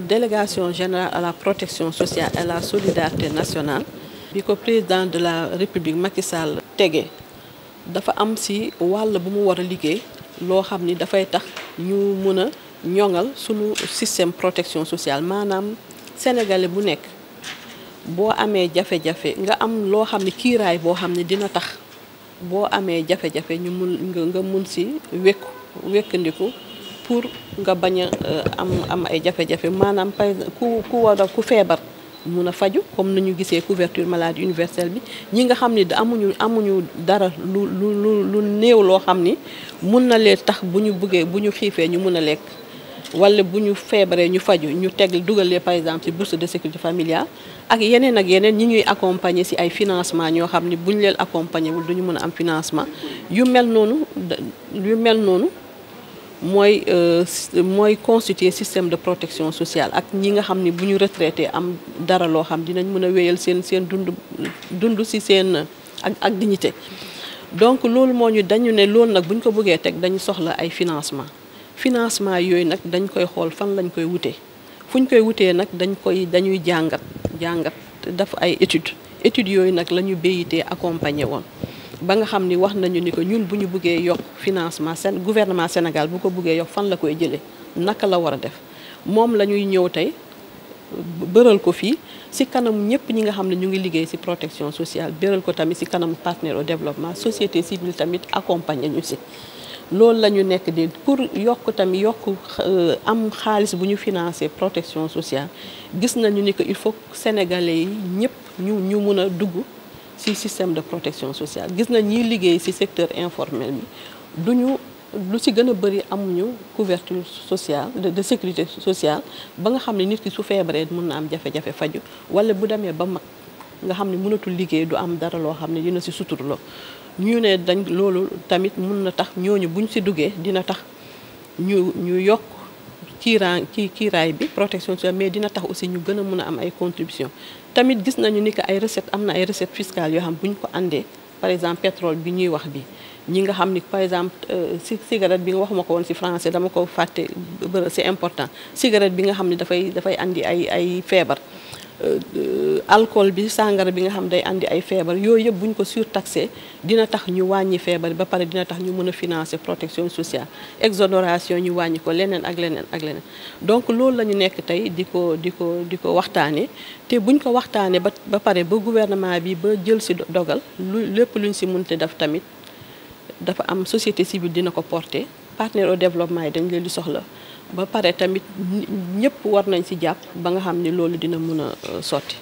délégation générale à la protection sociale et la solidarité nationale bi ko président de la république Macky Sall tege dafa am si wàll bu mu war a liggéey loo xam ni dafay tax ñu mën a ñoŋal sunu système protection sociale maanaam sénégalais bu nekk boo amee jafe-jafe nga am loo xam ne kiiraay boo xam ne dina tax boo amee jafe-jafe ñu mun nga mun si wékku wékkandiku pour nga bañ a euh, am am ay jafe-jafe maanaam par ku ku war ku feebar mun a faju comme nañu gisee couverture maladie universelle bi ñi nga xam ni amuñu amuñu dara lu lu lu néew loo xam ni mun na leen tax bu ñu buggee bu ñu xiifee ñu mun a lekk wala bu ñu feebaree ñu faju ñu teg dugalee par exemple ci bourse de sécurité familiale ak yeneen ak yeneen ñi ñuy accompagner ci ay financement ñoo xam ne bu ñu leen accompagner wul du ñu mën a am financement yu mel noonu yu mel noonu mooy euh, mooy constituer système de protection sociale ak ñi nga xam ne bu ñu retraité am dara loo xam dinañ mën a wéyal seen seen dund dund ci seen ak ak dignité donc loolu moo ñu dañu ne loolu nag bu ñu ko bëggee teg dañu soxla ay financement financement yooyu nag dañ koy xool fan lañ koy wutee fu ñu koy wutee nag dañ koy dañuy jàngat jàngat def ay étude études yooyu nag la ñu BIT accompagner woon ba nga xam ni wax nañu ni ko ñun bu ñu buggee yokk financement seen gouvernement Sénégal bu ko buggee yokk fan la koy jëlee naka la war a def moom la ñuy ñëw tey bërël ko fii ci kanam ñëpp ñi nga xam ne ñu ngi liggéey ci protection sociale bëral ko tamit ci kanamu partenaire au développement société civile tamit accompagner ñu ci loolu la ñu nekk di pour yokk tamit yokk euh, am xaalis bu ñu financer protection sociale gis nañu ni que il faut sénégalais yi ñëpp ñu ñu mun a dugg ci système de protection sociale gis nañ ñiy liggéey ci secteur informel bi ñu lu ci gën a bëri amuñu couverture sociale de, de sécurité sociale ba nga xam ne nit ki su feebaree mun na am jafe-jafe faju walla bu demee ba mag nga xam ne mënatul liggéey du am dara loo xam ne dina ci suturloo ñu ne dañ loolu tamit mun na tax ñooñu buñ si duggee dina tax ñu ñu yokk kiiraa ci kiiraay bi protection sociale mais dina tax aussi ñu gën a mun a am ay contribution tamit gis nañu ni que ay recette am na ay recette fiscale yoo xam bu ñu ko àndee par exemple pétrole bi ñuy wax bi ñi nga xam ni par exemple si euh, cigarette bi nga waxuma ko woon si français dama ko fàtte c'est important cigarette bi nga xam ne dafay dafay andi ay ay feebar Euh, alcool bi sàngara bi nga xam day indi ay feebar yooyu yëpp bu ñu ko surtaxé dina tax ñu wàññi feebar ba pare dina tax ñu mën a financer protection sociale exonération ñu wàññi ko leneen ak leneen ak leneen donc loolu la ñu nekk tey di ko di ko di ko waxtaane te buñ ko waxtaanee ba ba pare ba gouvernement bi ba jël si dogal lu lépp luñ si mënte def tamit dafa am société civile dina ko porter partenaire au développement yi dañ leen di soxla ba pare tamit ñëpp war nañ ci jàpp ba nga xam ni loolu dina mën a euh, sotti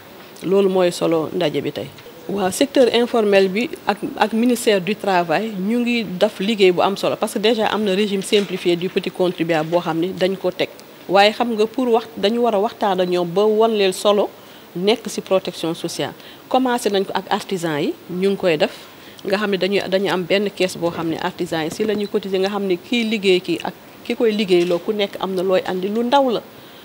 loolu mooy solo ndaje bi tey. waaw secteur informel bi ak ak ministère du travail ñu ngi daf liggéey bu am solo parce que déjà am na régime simplifié du petit contribuable boo xam ni dañ ko teg waaye xam nga pour wax dañu war a waxtaan ak ñoom ba wan leen solo nekk ci protection sociale commencé nañ ko ak artisan yi ñu ngi koy def nga xam ne dañuy dañu am benn kees boo xam ne artisan yi ci la ñuy cotiser nga xam ne kii liggéey kii ak. ki koy liggéey loo ku nekk am na looy indi lu ndaw la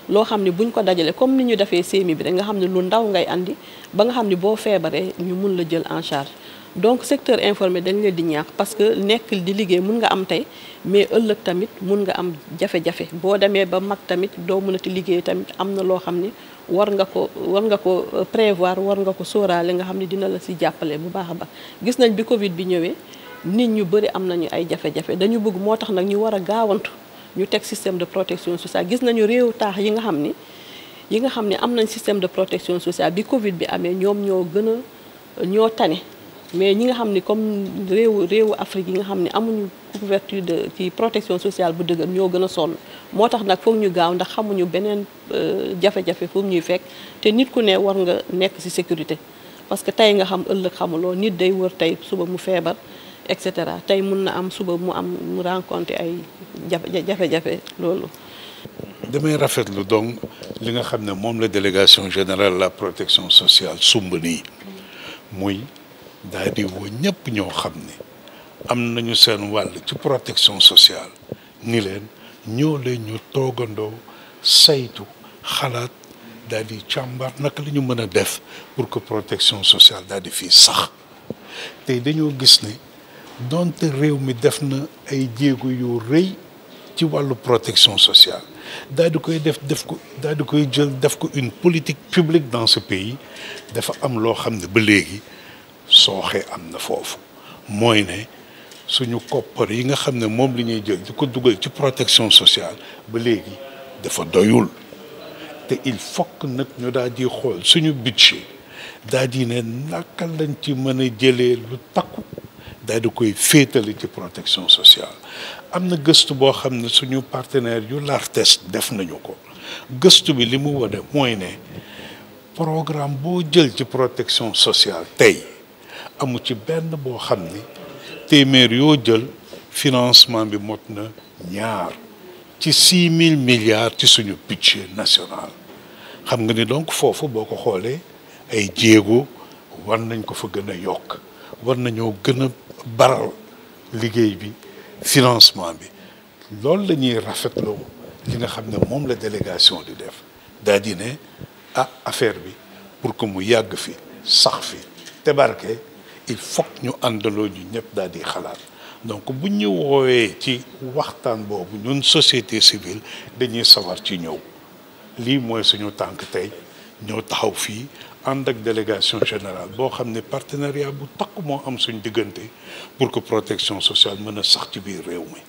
loo xam ne buñ ko dajalee comme ni ñu defee seemi bi rek nga xam ne lu ndaw ngay andi ba nga xam ne boo feebaree ñu mun la jël en charge donc secteur informel dañ leen di ñaax parce que nekk di liggéey mun nga am tey mais ëllëg tamit mun nga am jafe-jafe boo demee ba mag tamit doo mun a mënati liggéey tamit am na loo xam ne war nga ko war nga ko euh, prévoir war nga ko sóoraale nga xam ne dina la si jàppale bu baax a baax gis nañ bi Covid bi ñëwee nit ñu bëri am nañu ay jafe dañu bëgg moo tax nag ñu war a gaawantu ñu teg système de protection sociale gis nañu réew taax yi nga xam ni yi nga xam ne am nañ système de protection sociale bi Covid bi amee ñoom ñoo gën a ñoo tane mais ñi nga xam ni comme réewu réewu Afrique yi nga xam ne amuñu couverture de ci protection sociale bu dëgër ñoo gën a sonn moo tax nag foog ñu gaaw ndax xamuñu beneen euh, jafe-jafe fu ñuy fekk te nit ku ne war nga nekk ci sécurité parce que tey nga xam ëllëg xamuloo nit day wër tey suba mu feebar et cetera tey mun na am suba mu am mu ay jafe-jafe loolu. damay rafetlu donc li nga xam ne moom la délégation générale la protection sociale sumb nii muy daal di woo ñëpp ñoo xam ne am nañu seen wàll ci protection sociale ni leen ñoo leen ñu toogandoo saytu xalaat daal di càmbar naka la ñu mën a def pour que protection sociale daal di fii sax tey dañoo gis ni donte réew mi def na ay jéego yu rëy ci wàllu protection sociale daal di koy def def ko daal di koy jël def ko une politique publique dans ce pays dafa am loo xam ne ba léegi sooxee am na foofu mooy ne suñu koppar yi nga xam ne moom li ñuy jël di ko dugal ci protection sociale ba léegi dafa doyul te il faut nag ñu daal di xool suñu budget daal di ne naka lañ ci mën a jëlee lu takku daal di koy féetale ci protection sociale am na gëstu boo xam ne suñu partenaire yu l'ARTES def nañu ko gëstu bi li mu wone mooy ne programme boo jël ci protection sociale tey amu ci benn boo xam ne téeméer yoo jël financement bi mot na ñaar ci six mille milliards ci suñu budget national xam nga ni donc foofu boo ko xoolee ay jéego war nañ ko fa gën a yokk war nañoo gën a baral liggéey bi financement bi lool la ñuy rafetloo li nga xam ne moom la délégation di def daa di ne ah affaire bi pour que mu yàgg fi sax fi débarqué il faut ñu àndaloo ñu ñëpp daal di xalaat donc bu ñu woowee ci waxtaan boobu ñun société civile dañuy sawar ci ñëw lii mooy suñu tànk tey ñoo taxaw fii ànd ak délégation générale boo xam ne partenariat bu takk moo am suñ diggante pour que protection sociale mën a sax ci biir réew mi